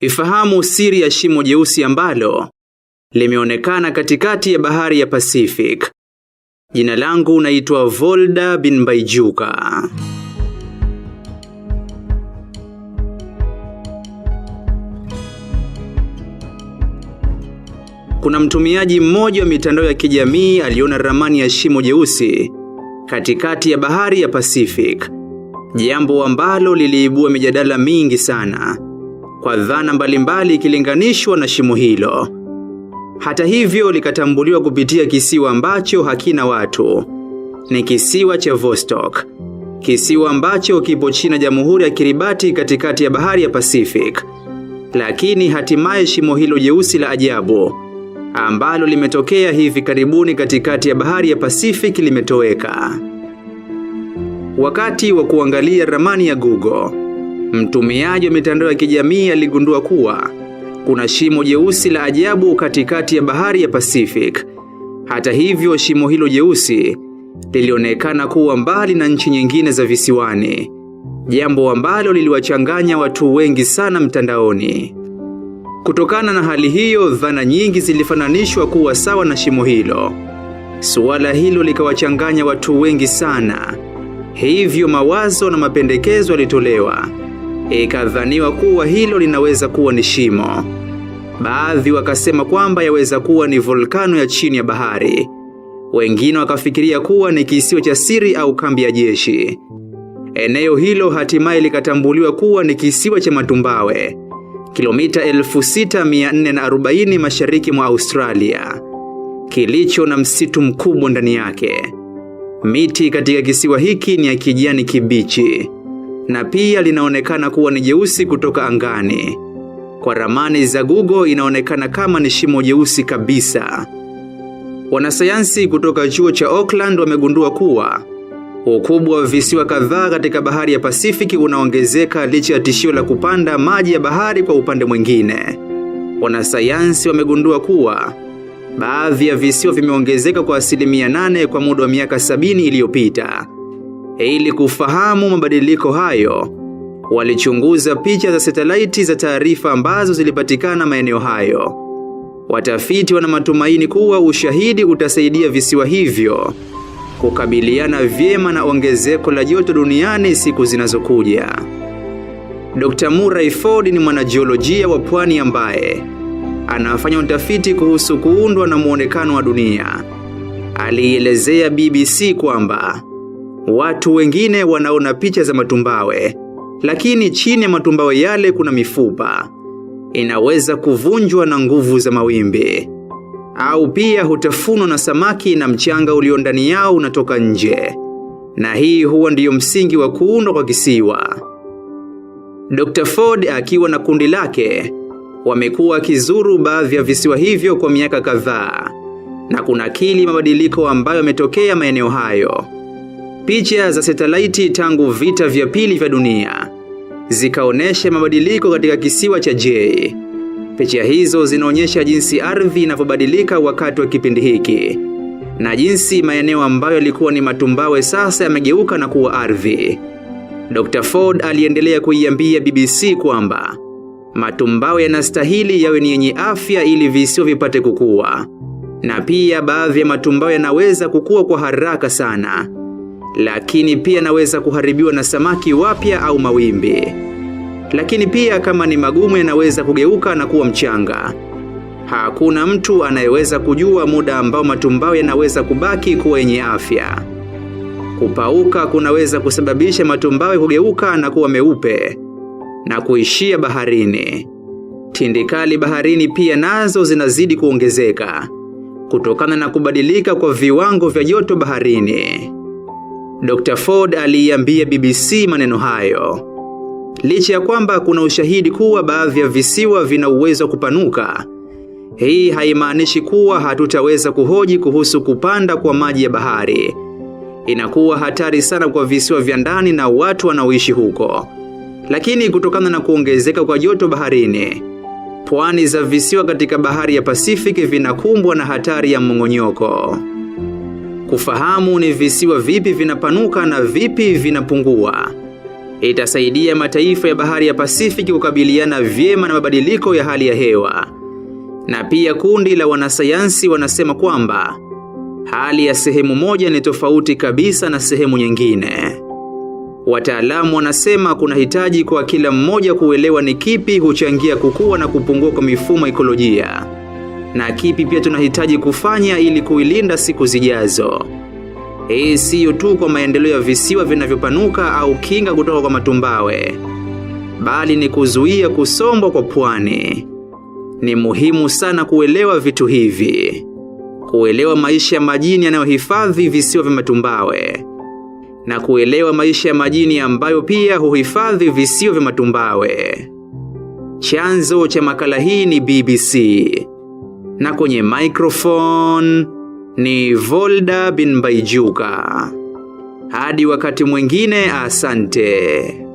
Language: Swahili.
Ifahamu siri ya shimo jeusi ambalo limeonekana katikati ya bahari ya Pacific. Jina langu naitwa Volda bin Baijuka. kuna mtumiaji mmoja wa mitandao ya kijamii aliona ramani ya shimo jeusi katikati ya bahari ya Pacific, jambo ambalo liliibua mijadala mingi sana kwa dhana mbalimbali ikilinganishwa na shimo hilo. Hata hivyo, likatambuliwa kupitia kisiwa ambacho hakina watu, ni kisiwa cha Vostok, kisiwa ambacho kipo chini ya Jamhuri ya Kiribati katikati ya bahari ya Pacific. Lakini hatimaye shimo hilo jeusi la ajabu ambalo limetokea hivi karibuni katikati ya bahari ya Pacific limetoweka. Wakati wa kuangalia ramani ya Google, mtumiaji wa mitandao ya kijamii aligundua kuwa kuna shimo jeusi la ajabu katikati ya bahari ya Pacific. Hata hivyo, shimo hilo jeusi lilionekana kuwa mbali na nchi nyingine za visiwani, jambo ambalo liliwachanganya watu wengi sana mtandaoni. Kutokana na hali hiyo, dhana nyingi zilifananishwa kuwa sawa na shimo hilo. Suala hilo likawachanganya watu wengi sana, hivyo mawazo na mapendekezo yalitolewa. Ikadhaniwa kuwa hilo linaweza kuwa ni shimo. Baadhi wakasema kwamba yaweza kuwa ni volkano ya chini ya bahari, wengine wakafikiria kuwa ni kisiwa cha siri au kambi ya jeshi. Eneo hilo hatimaye likatambuliwa kuwa ni kisiwa cha matumbawe kilomita 6440 mashariki mwa Australia, kilicho na msitu mkubwa ndani yake. Miti katika kisiwa hiki ni ya kijani kibichi na pia linaonekana kuwa ni jeusi kutoka angani. Kwa ramani za Google inaonekana kama ni shimo jeusi kabisa. Wanasayansi kutoka chuo cha Auckland wamegundua kuwa Ukubwa wa visiwa kadhaa katika bahari ya Pasifiki unaongezeka licha ya tishio la kupanda maji ya bahari kwa upande mwingine. Wanasayansi wamegundua kuwa baadhi ya visiwa vimeongezeka kwa asilimia nane kwa muda wa miaka sabini iliyopita. Ili kufahamu mabadiliko hayo, walichunguza picha za satelaiti za taarifa ambazo zilipatikana maeneo hayo. Watafiti wana matumaini kuwa ushahidi utasaidia visiwa hivyo kukabiliana vyema na ongezeko la joto duniani siku zinazokuja. Dr. Murray Ford ni mwanajiolojia wa pwani ambaye anafanya utafiti kuhusu kuundwa na muonekano wa dunia. Alielezea BBC kwamba watu wengine wanaona picha za matumbawe, lakini chini ya matumbawe yale kuna mifupa inaweza kuvunjwa na nguvu za mawimbi au pia hutafunwa na samaki na mchanga ulio ndani yao unatoka nje, na hii huwa ndiyo msingi wa kuundwa kwa kisiwa. Dr. Ford akiwa na kundi lake wamekuwa wakizuru baadhi ya visiwa hivyo kwa miaka kadhaa na kunakili mabadiliko ambayo yametokea maeneo hayo. Picha za satelaiti tangu vita vya pili vya dunia zikaonyesha mabadiliko katika kisiwa cha Jay. Picha hizo zinaonyesha jinsi ardhi inavyobadilika wakati wa kipindi hiki na jinsi maeneo ambayo yalikuwa ni matumbawe sasa yamegeuka na kuwa ardhi. Dr. Ford aliendelea kuiambia BBC kwamba matumbawe yanastahili yawe ni yenye afya ili visio vipate kukua, na pia baadhi ya matumbawe yanaweza kukua kwa haraka sana, lakini pia yanaweza kuharibiwa na samaki wapya au mawimbi lakini pia kama ni magumu yanaweza kugeuka na kuwa mchanga. Hakuna mtu anayeweza kujua muda ambao matumbao yanaweza kubaki kuwa yenye afya. Kupauka kunaweza kusababisha matumbawe kugeuka na kuwa meupe na kuishia baharini. Tindikali baharini pia nazo zinazidi kuongezeka kutokana na kubadilika kwa viwango vya joto baharini. Dr. Ford aliiambia BBC maneno hayo licha ya kwamba kuna ushahidi kuwa baadhi ya visiwa vina uwezo wa kupanuka. Hii haimaanishi kuwa hatutaweza kuhoji kuhusu kupanda kwa maji ya bahari. Inakuwa hatari sana kwa visiwa vya ndani na watu wanaoishi huko. Lakini kutokana na kuongezeka kwa joto baharini, pwani za visiwa katika bahari ya Pasifiki vinakumbwa na hatari ya mmong'onyoko. Kufahamu ni visiwa vipi vinapanuka na vipi vinapungua itasaidia mataifa ya bahari ya Pasifiki kukabiliana vyema na mabadiliko ya hali ya hewa. Na pia kundi la wanasayansi wanasema kwamba hali ya sehemu moja ni tofauti kabisa na sehemu nyingine. Wataalamu wanasema kuna hitaji kwa kila mmoja kuelewa ni kipi huchangia kukua na kupungua kwa mifumo ekolojia na kipi pia tunahitaji kufanya ili kuilinda siku zijazo. Hii eh, siyo tu kwa maendeleo ya visiwa vinavyopanuka au kinga kutoka kwa matumbawe, bali ni kuzuia kusombwa kwa pwani. Ni muhimu sana kuelewa vitu hivi, kuelewa maisha ya majini yanayohifadhi visiwa vya matumbawe na kuelewa maisha ya majini ambayo pia huhifadhi visiwa vya matumbawe. Chanzo cha makala hii ni BBC, na kwenye microphone ni Volda bin Baijuka. Hadi wakati mwingine, asante.